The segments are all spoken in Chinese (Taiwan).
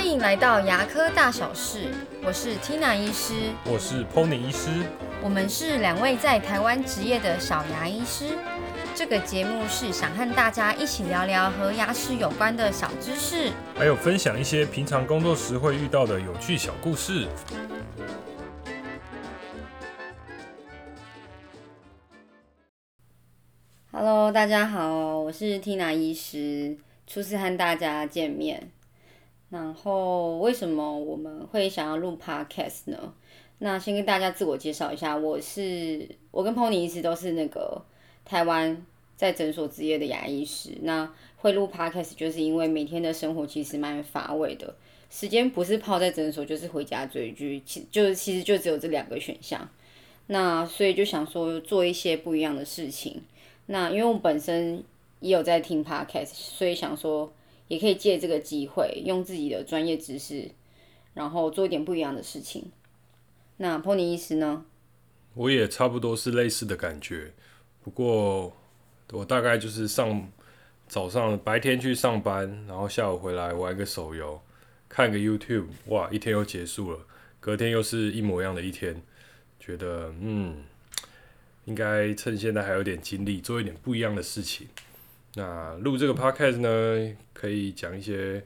歡迎來到牙科大小事，我是 Tina 醫師，我是 Pony 醫師，我們是兩位在台灣執業的小牙醫師。這個節目是想和大家一起聊聊和牙齒有關的小知識，還有分享一些平常工作時會遇到的有趣小故事。Hello，大家好，我是 Tina 醫師，初次和大家見面。然後為什麼我們會想要錄 podcast 呢？那先跟大家自我介紹一下，我是我跟 Pony 一直都是那個台灣在診所執業的牙醫師。那會錄 podcast 就是因為每天的生活其實蠻乏味的，時間不是泡在診所，就是回家追劇，其就是其實就只有這兩個選項。那所以就想說做一些不一樣的事情。那因為我本身也有在聽 podcast，所以想說。也可以借這個機會，用自己的專業知識，然後做一點不一樣的事情。那 Pony 醫師呢？我也差不多是類似的感覺，不過我大概就是上早上白天去上班，然後下午回來玩個手遊，看個 YouTube，哇，一天又結束了，隔天又是一模一樣的一天，覺得嗯，應該趁現在還有點精力，做一點不一樣的事情。那錄這個 Podcast 呢，可以講一些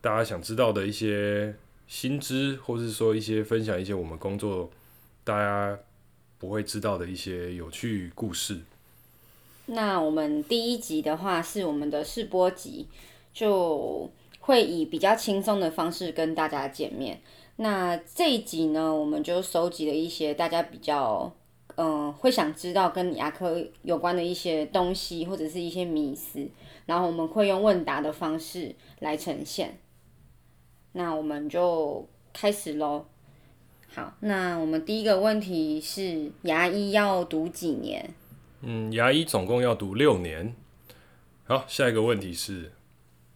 大家想知道的一些新知，或是說一些分享一些我們工作大家不會知道的一些有趣故事。那我們第一集的話是我們的試播集，就會以比較輕鬆的方式跟大家見面。那這一集呢，我們就收集了一些大家比較，嗯，會想知道跟你牙科有關的一些東西，或者是一些迷思，然後我們會用問答的方式來呈現。那我們就開始嘍。好，那我們第一個問題是，牙醫要讀幾年？嗯，牙醫總共要讀六年。好，下一個問題是，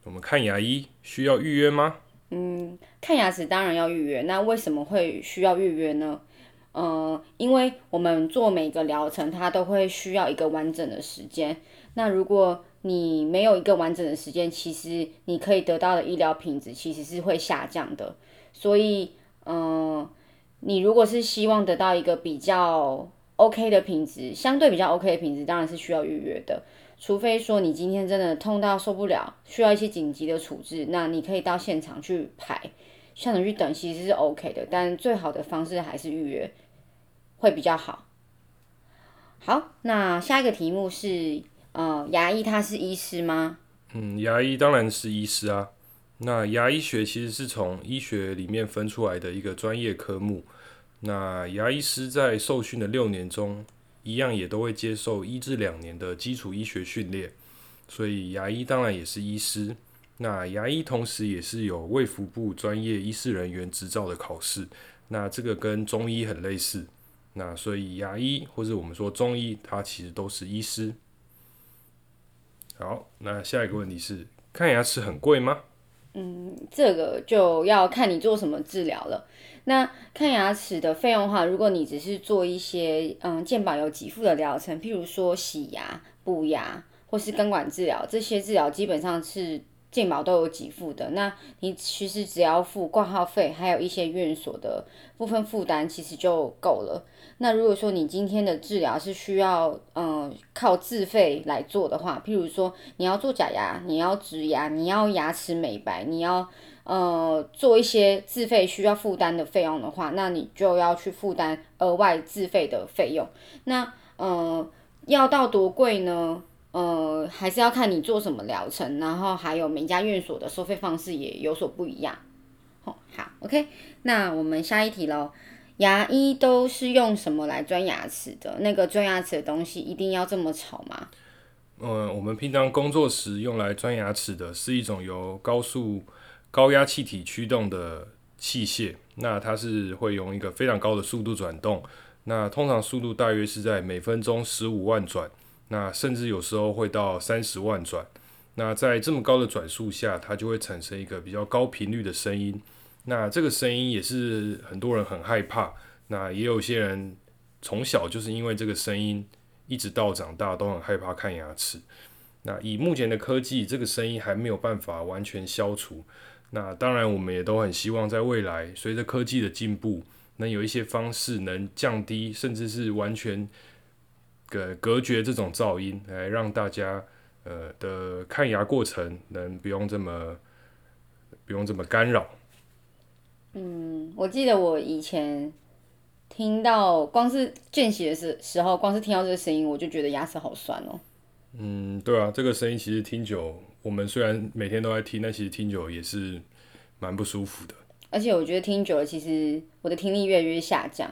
我們看牙醫需要預約嗎？嗯，看牙齒當然要預約。那為什麼會需要預約呢？嗯，因為我們做每個療程，它都會需要一個完整的時間。那如果你沒有一個完整的時間，其實你可以得到的醫療品質其實是會下降的。所以，嗯，你如果是希望得到一個比較 OK 的品質，相對比較 OK 的品質，當然是需要預約的。除非說你今天真的痛到受不了，需要一些緊急的處置，那你可以到現場去排，現場去等其實是 OK 的，但最好的方式還是預約。會比較好。好，那下一個題目是，呃，牙醫他是醫師嗎？嗯，牙醫當然是醫師啊。那牙醫學其實是從醫學裡面分出來的一個專業科目。那牙醫師在受訓的六年中，一樣也都會接受一至兩年的基礎醫學訓練，所以牙醫當然也是醫師。那牙醫同時也是有衛福部專業醫事人員執照的考試。那這個跟中醫很類似。那所以牙醫或是我們說中醫，它其實都是醫師。好，那下一個問題是看牙齒很貴嗎？嗯，這個就要看你做什麼治療了。那看牙齒的費用的話，如果你只是做一些嗯健保有給付的療程，譬如說洗牙、補牙或是根管治療，這些治療基本上是。健保都有給付的，那你其實只要付掛號費，還有一些院所的部分負擔，其實就夠了。那如果說你今天的治療是需要，嗯、呃，靠自費來做的話，譬如說你要做假牙，你要植牙，你要牙齒美白，你要呃做一些自費需要負擔的費用的話，那你就要去負擔額外自費的費用。那嗯、呃、要到多貴呢？呃，還是要看你做什麼療程，然後還有每家院所的收費方式也有所不一樣。哦，好，OK，那我們下一題嘍。牙醫都是用什麼來鑽牙齒的？那個鑽牙齒的東西一定要這麼吵嗎？呃，我們平常工作時用來鑽牙齒的是一種由高速高壓氣體驅動的器械，那它是會用一個非常高的速度轉動，那通常速度大約是在每分鐘十五萬轉。那甚至有時候會到三十萬轉，那在這麼高的轉速下，它就會產生一個比較高頻率的聲音。那這個聲音也是很多人很害怕。那也有些人從小就是因為這個聲音，一直到長大都很害怕看牙齒。那以目前的科技，這個聲音還沒有辦法完全消除。那當然，我們也都很希望在未來，隨着科技的進步，能有一些方式能降低，甚至是完全隔隔絕這種噪音，來讓大家呃的看牙過程能不用這麼不用這麼干擾。嗯，我記得我以前聽到光是見習的時時候，光是聽到這個聲音，我就覺得牙齒好酸哦。嗯，對啊，這個聲音其實聽久，我們雖然每天都在聽，但其實聽久也是蠻不舒服的。而且我覺得聽久了，其實我的聽力越來越下降。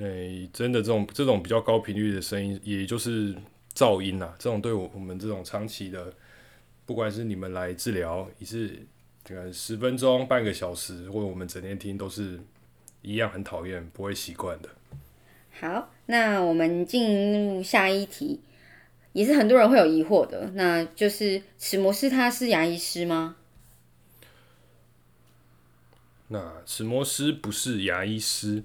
哎，真的，這種這種比較高頻率的聲音，也就是噪音吶、啊，這種對我我們這種長期的，不管是你們來治療，也是這個十分鐘、半個小時，或者我們整天聽，都是一樣很討厭，不會習慣的。好，那我們進入下一題，也是很多人會有疑惑的，那就是齒模師他是牙醫師嗎？那齒模師不是牙醫師。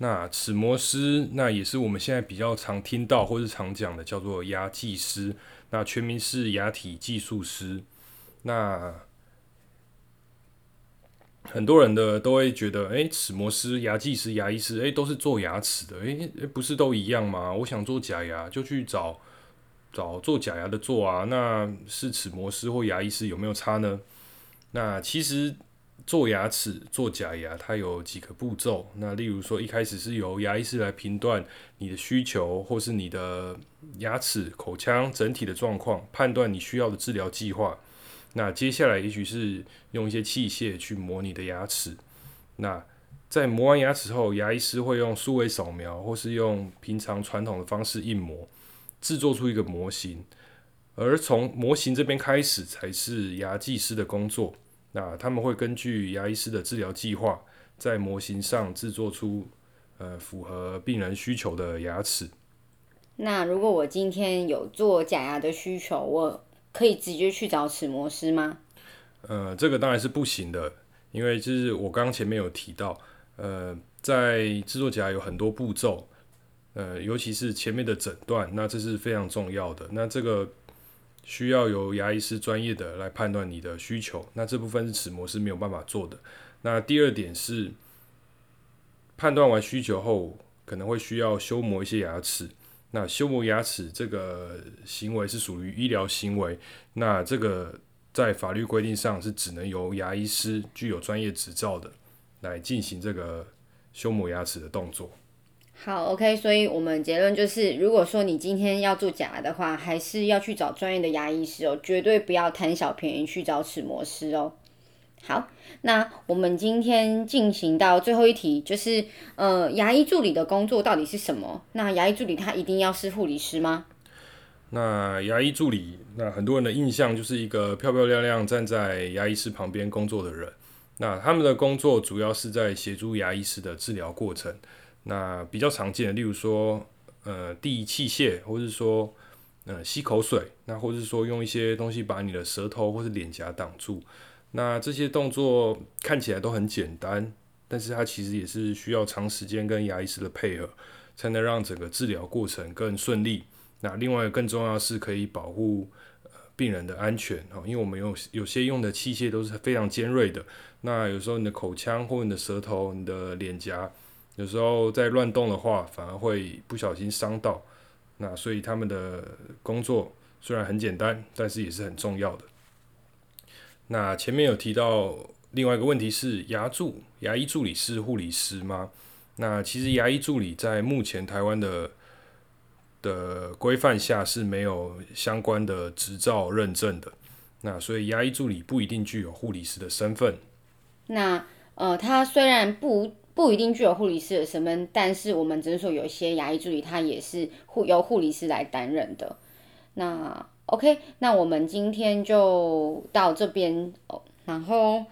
那齒模師，那也是我們現在比較常聽到或是常講的，叫做牙技師。那全名是牙體技術師。那很多人的都會覺得，哎、欸，齒模師、牙技師、牙醫師，哎、欸，都是做牙齒的，哎、欸欸，不是都一樣嗎？我想做假牙，就去找找做假牙的做啊。那是齒模師或牙醫師有沒有差呢？那其實。做牙齒、做假牙，它有幾個步驟。那例如說，一開始是由牙醫師來評斷你的需求，或是你的牙齒、口腔整體的狀況，判斷你需要的治療計劃。那接下來也許是用一些器械去磨你的牙齒。那在磨完牙齒後，牙醫師會用數位掃描，或是用平常傳統的方式印模，製作出一個模型。而從模型這邊開始，才是牙技師的工作。啊，他們會根據牙醫師的治療計劃，在模型上製作出，呃，符合病人需求的牙齒。那如果我今天有做假牙的需求，我可以直接去找齒模師嗎？呃，這個當然是不行的，因為就是我剛前面有提到，呃，在製作假牙有很多步驟，呃，尤其是前面的診斷，那這是非常重要的。那這個。需要由牙醫師專業的來判斷你的需求，那這部分是齒模是沒有辦法做的。那第二點是判斷完需求後，可能會需要修磨一些牙齒。那修磨牙齒這個行為是屬於醫療行為，那這個在法律規定上是只能由牙醫師具有專業執照的來進行這個修磨牙齒的動作。好，OK，所以我們結論就是，如果說你今天要做假的話，還是要去找專業的牙醫師哦，絕對不要貪小便宜去找齒模師哦。好，那我們今天進行到最後一題，就是呃，牙醫助理的工作到底是什麼？那牙醫助理他一定要是護理師嗎？那牙醫助理，那很多人的印象就是一個漂漂亮亮站在牙醫師旁邊工作的人，那他們的工作主要是在協助牙醫師的治療過程。那比較常見的，例如說，呃，遞器械，或者是說，呃，吸口水，那或者是說用一些東西把你的舌頭或是臉頰擋住。那這些動作看起來都很簡單，但是它其實也是需要長時間跟牙醫師的配合，才能讓整個治療過程更順利。那另外更重要的是可以保護呃病人的安全哦，因為我們用有，有些用的器械都是非常尖銳的。那有時候你的口腔或你的舌頭、你的臉頰，有時候在亂動的話，反而會不小心傷到。那所以他們的工作雖然很簡單，但是也是很重要的。那前面有提到另外一個問題是牙助、牙醫助理是護理師嗎？那其實牙醫助理在目前台灣的的規範下是沒有相關的執照認證的。那所以牙醫助理不一定具有護理師的身份。那呃，他雖然不。不一定具有護理師的身份，但是我們診所有一些牙醫助理，他也是護由護理師來擔任的。那 OK，那我們今天就到這邊哦。然後，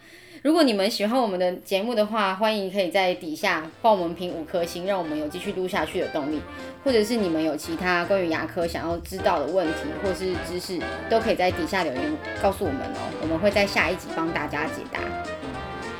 如果你們喜歡我們的節目的話，歡迎可以在底下幫我們評五顆星，讓我們有繼續錄下去的動力。或者是你們有其他關於牙科想要知道的問題或是知識，都可以在底下留言告訴我們哦，我們會在下一集幫大家解答。